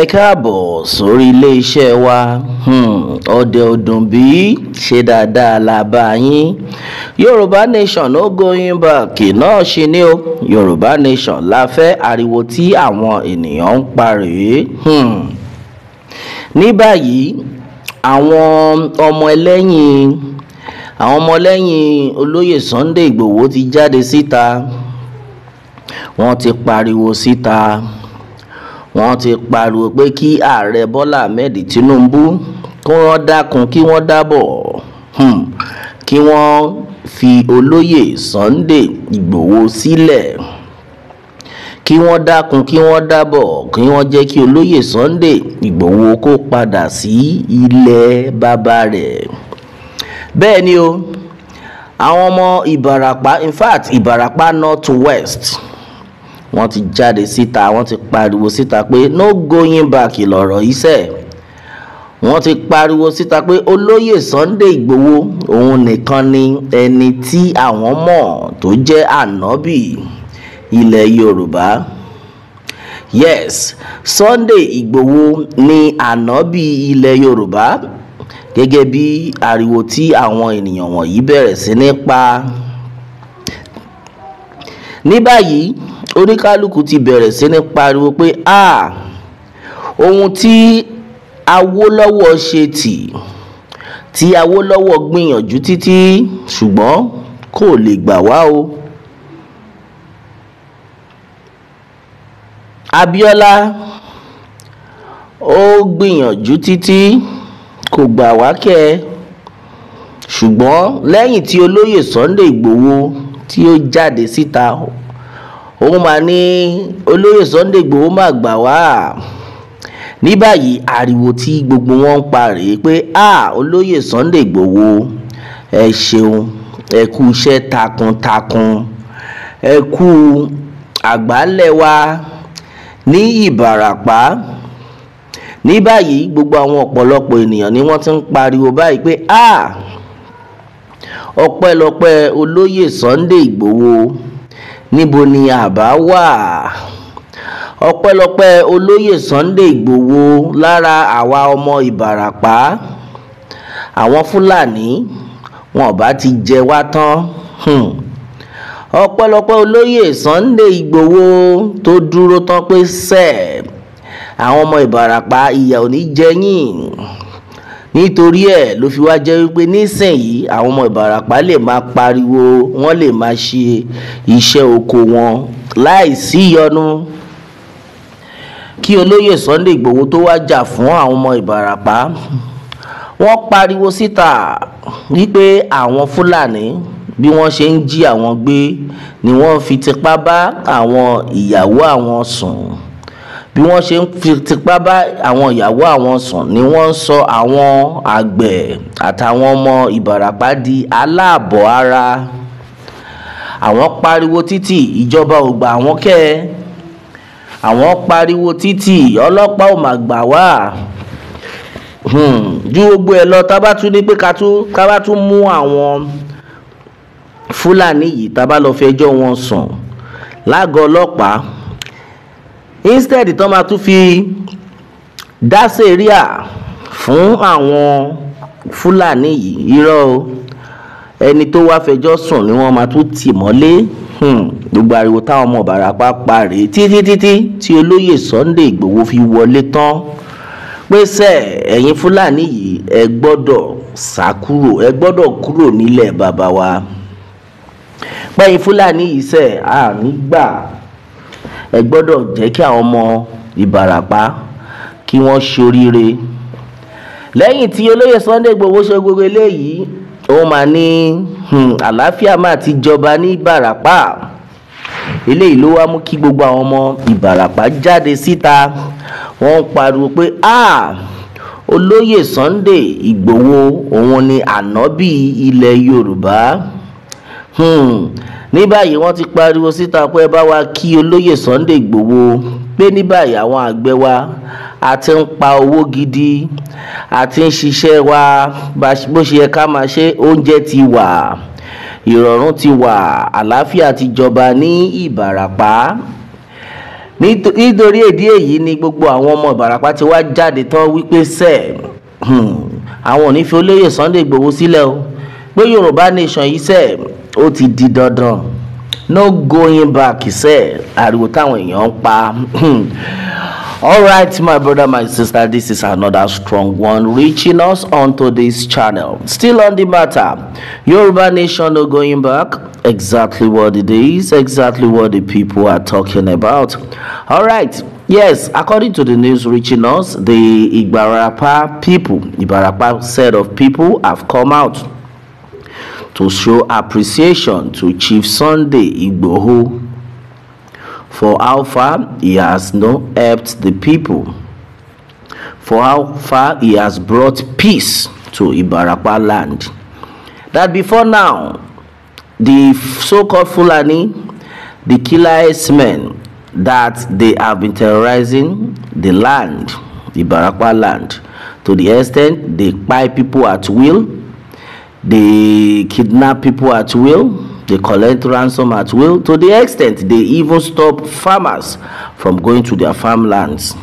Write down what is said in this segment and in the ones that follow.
ẹ káàbọ̀ sórí ilé-iṣẹ́ wa hmm, ọdẹ ọdún bí ṣe dáadáa la bá yín yorùbá nation no going back náà ṣe ni o yorùbá nation la fẹ́ ariwo tí àwọn ènìyàn ń pa rèé hmm. ní báyìí àwọn ọmọ ẹlẹ́yìn àwọn ọmọlẹ́yìn olóyè Sunday Ìgbòho ti jáde síta wọ́n ti pariwo síta wọ́n ti pariwo pé kí ààrẹ Bọ́lá Ahmed Tinubu kí wọ́n dákun kí wọ́n dábọ̀ hmm, kí wọ́n fi olóyè Sunday Ìgbòho sílẹ̀ kí wọ́n dákun kí wọ́n dábọ̀ kí wọ́n jẹ́ kí olóyè Sunday Ìgbòho kó padà sí ilẹ̀ bàbá rẹ̀ bẹ́ẹ̀ ni o àwọn ọmọ ìbàràpá in fact ìbàràpá north west wọ́n ti jáde síta wọ́n ti pariwo síta pé no going back ìlọ̀rọ̀ iṣẹ́ wọ́n ti pariwo síta pé olóyè Sunday Ìgbòho òun nìkan ni ẹni tí àwọn mọ̀ tó jẹ́ ànábì ilẹ̀ Yorùbá yes Sunday Ìgbòho ni ànábì ilẹ̀ Yorùbá gẹ́gẹ́ bí ariwo tí àwọn ènìyàn wọ̀nyí bẹ̀rẹ̀ sí ní pa. ní báyìí oníkálukú ti bẹ̀rẹ̀ sí ní pariwo pé a ohun tí Awólọ́wọ̀ ṣe tì tí Awólọ́wọ̀ gbìyànjú títí ṣùgbọ́n kò lè gbà wá o. Abíọ́lá ó gbìyànjú títí kò gbà wá kẹ́ ẹ ṣùgbọ́n lẹ́yìn tí olóyè Sunday Ìgbòho tí ó jáde síta òun mà ní olóyè Sunday Ìgbòho má gbà wá ní báyìí ariwo tí gbogbo wọn ń pa rèé pé a olóyè Sunday Ìgbòho ẹ ṣeun ẹ kú iṣẹ́ takuntakun ẹ kú àgbálẹ̀ wa ní Ìbàràpá ní báyìí gbogbo àwọn ọ̀pọ̀lọpọ̀ ènìyàn ni wọ́n ti ń pariwo báyìí pé a ah, ọpẹ́lọpẹ́ olóyè Sunday Ìgbòho níbo ni àbá wà ọpẹ́lọpẹ́ olóyè Sunday Ìgbòho lára àwa ọmọ Ìbàràpá àwọn Fúlàní wọn ò bá ti jẹ wá tán hmm. ọpẹ́lọpẹ́ olóyè Sunday Ìgbòho tó dúró tán pé sẹ́ẹ̀ àwọn ọmọ ìbàràpá ìyà ò ní jẹ yín nítorí ẹ̀ ló fi wá jẹ́ wípé nísìnyí àwọn ọmọ ìbàràpá lè máa pariwo wọ́n lè máa ṣe iṣẹ́ oko wọn láì sí ìyọnu kí olóyè Sunday Ìgbòho tó wá jà fún àwọn ọmọ ìbàràpá wọ́n pariwo síta wípé àwọn fúlàní bí wọ́n ṣe ń jí àwọn gbé ni wọ́n fi tipá bá àwọn ìyàwó àwọn sùn bí wọ́n ṣe ń fipá bá àwọn ìyàwó àwọn sùn ni wọ́n ń sọ àwọn àgbẹ̀ àtàwọn ọmọ ìbarapá di aláàbọ̀ ara àwọn pariwo títì ìjọba ò gbà wọ́n kẹ́ ẹ àwọn pariwo títì ọlọ́pàá ò mà gbà wá hmm, ju gbogbo ẹ lọ tá bá tún ní pé ká bá tún mú àwọn fúlàní yìí tá bá lọ fẹjọ́ wọn sùn lágọ̀ọ́ ọlọ́pàá instead tó máa tún fi dá sẹ́ríà fún àwọn fúlàní yìí irọ́ o ẹni tó wá fẹjọ́ sùn ni wọ́n máa tún tì mọ́lé hmm. gbogbo ariwo táwọn ọmọ Ìbàràpá pa rèé títí títí tí olóyè Sunday Ìgbòho fi wọlé tán pèsè ẹ̀yin fúlàní yìí ẹ gbọ́dọ̀ sá kúrò ẹ gbọ́dọ̀ kúrò nílẹ̀ bàbá wa pẹ̀yìn fúlàní yìí sẹ̀ à nígbà ẹ gbọ́dọ̀ jẹ́ kí àwọn ọmọ Ìbàràpá kí wọ́n ṣoríire lẹ́yìn tí olóyè Sunday Igboho ṣe gbogbo eléyìí ó máa ní hmm, àlàáfíà máa ti jọba ní Ìbàràpá eléyìí ló wá mú kí gbogbo àwọn ọmọ Ìbàràpá jáde síta wọ́n ń pariwo pé ah olóyè Sunday Igboho òun ni ànábì ilẹ̀ Yorùbá. Hmm ní báyìí wọ́n ti pariwo síta pé ẹ bá wa kí olóyè Sunday Igboho pé ní báyìí àwọn àgbẹ̀ wa àti ń pa owó gidi àti ń ṣiṣẹ́ wa bó ṣe yẹ ká máa ṣe oúnjẹ ti wà ìrọ̀rùn ti wà àlàáfíà ti jọba ní Ìbàràpá nítorí èdè èyí ni gbogbo àwọn ọmọ Ìbàràpá ti wá jáde tán wípé sẹ́ẹ̀ hmm, àwọn ò ní fi olóyè Sunday Igboho sílẹ̀ o pé Yorùbá nation yìí sẹ́ẹ̀ ó ti di dandan no going back sẹ́ ariwo táwọn èèyàn ń pa. Hmm. all right my brother my sister this is another strong one reaching us onto this channel still on the matter yoruba nation no going back exactly what it is exactly what the people are talking about all right Yes, according to the news reaching us, the Ibarapa people, Ibarapa set of people have come out to show appreciation to Chief Sunday Igboho for how far he has not helped the people, for how far he has brought peace to Ibarapa land. That before now, the so-called Fulani, the killer men that they have been terrorizing the land, the Ibarapa land, to the extent they buy people at will they kidnap people at will. They collect ransom at will to the extent they even stop farmers from going to their farmlands.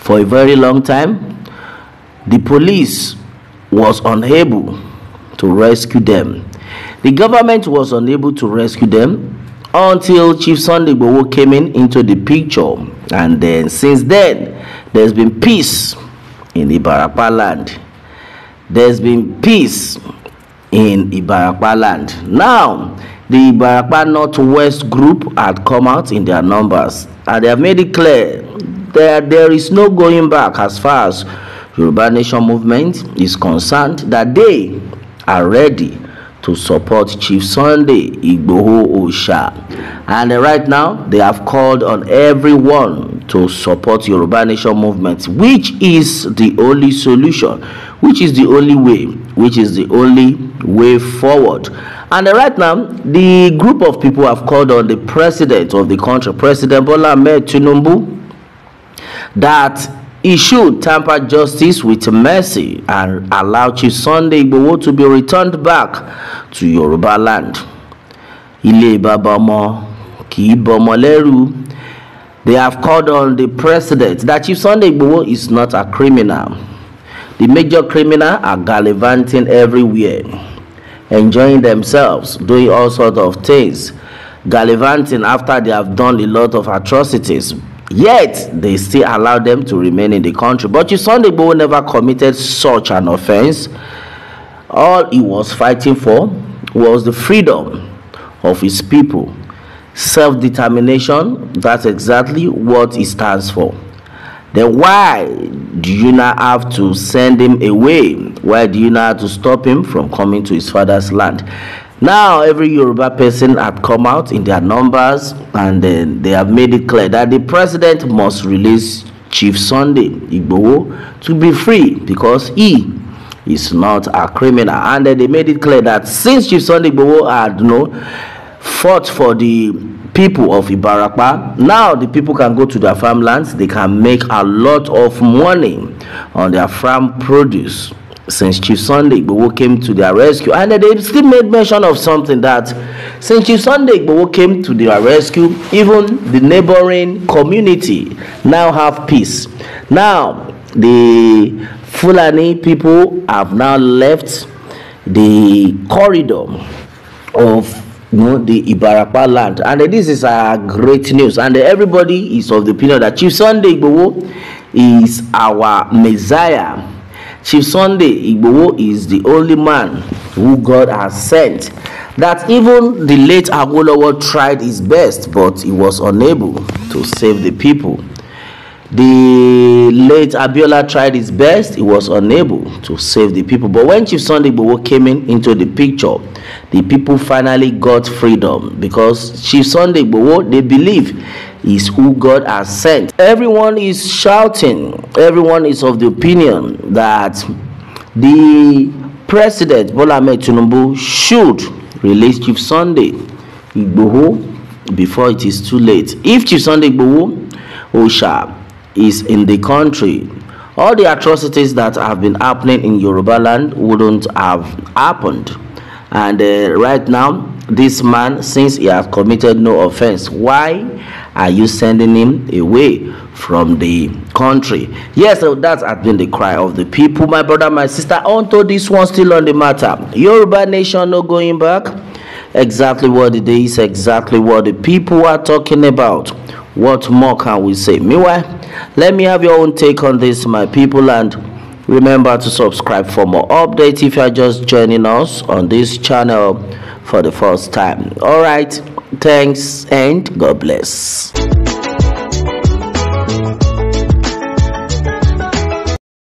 For a very long time, the police was unable to rescue them. The government was unable to rescue them until Chief Sunday Bowo came in into the picture. And then since then, there's been peace in Ibarapa land. There's been peace in Ibarapa land. Now, the Ibarapa Northwest group had come out in their numbers and they have made it clear that there is no going back as far as Urban Nation movement is concerned that they are ready to support Chief Sunday Igboho Osha. And right now, they have called on everyone to support Yoruba Nation movement, which is the only solution, which is the only way, which is the only way forward. And uh, right now, the group of people have called on the president of the country, President Bola Ahmed Tinubu, that he should tamper justice with mercy and allow Chief Sunday Igboho to be returned back to Yoruba land. Ilé bàbá ọmọ kì They have called on the president that Chief Sunday Igboho is not a criminal. The major criminal are gallivanting everywhere. enjoying themselves, doing all sorts of things, gallivanting after they have done a lot of atrocities. Yet they still allow them to remain in the country. But the boy never committed such an offense. All he was fighting for was the freedom of his people. Self determination, that's exactly what he stands for. Then why do you not have to send him away why do you know how to stop him from coming to his father's land? Now, every Yoruba person had come out in their numbers and then they have made it clear that the president must release Chief Sunday Igbowo to be free because he is not a criminal. And then they made it clear that since Chief Sunday Igbowo had you no know, fought for the people of Ibarapa, now the people can go to their farmlands, they can make a lot of money on their farm produce. since Chief Sunday Igboho came to their rescue, and they still made mention of something that since Chief Sunday Igboho came to their rescue, even the neighboring community now have peace. Now, the Fulani people have now left the corridor of you know, the Ibarapa land, and this is a uh, great news. And everybody is of the opinion that Chief Sunday Igboho is our Messiah. Chief Sunday Igboho is the only man who God has sent. That even the late Awolowo tried his best, but he was unable to save the people. The late Abiola tried his best, he was unable to save the people. But when Chief Sunday Igboho came in into the picture, the people finally got freedom because Chief Sunday Igboho, they believe is who God has sent. Everyone is shouting, everyone is of the opinion that the President Bola Ahmed should release Chief Sunday Igboho before it is too late. If Chief Sunday Igboho Osha is in the country, all the atrocities that have been happening in Yoruba land wouldn't have happened. And uh, right now, this man, since he has committed no offense, why Are you sending him away from the country? Yes, so that has been the cry of the people, my brother, my sister. Onto this one still on the matter. Yoruba nation no going back. Exactly what it is, exactly what the people are talking about. What more can we say? Meanwhile, let me have your own take on this, my people, and remember to subscribe for more updates if you are just joining us on this channel for the first time. All right. Thanks and God bless.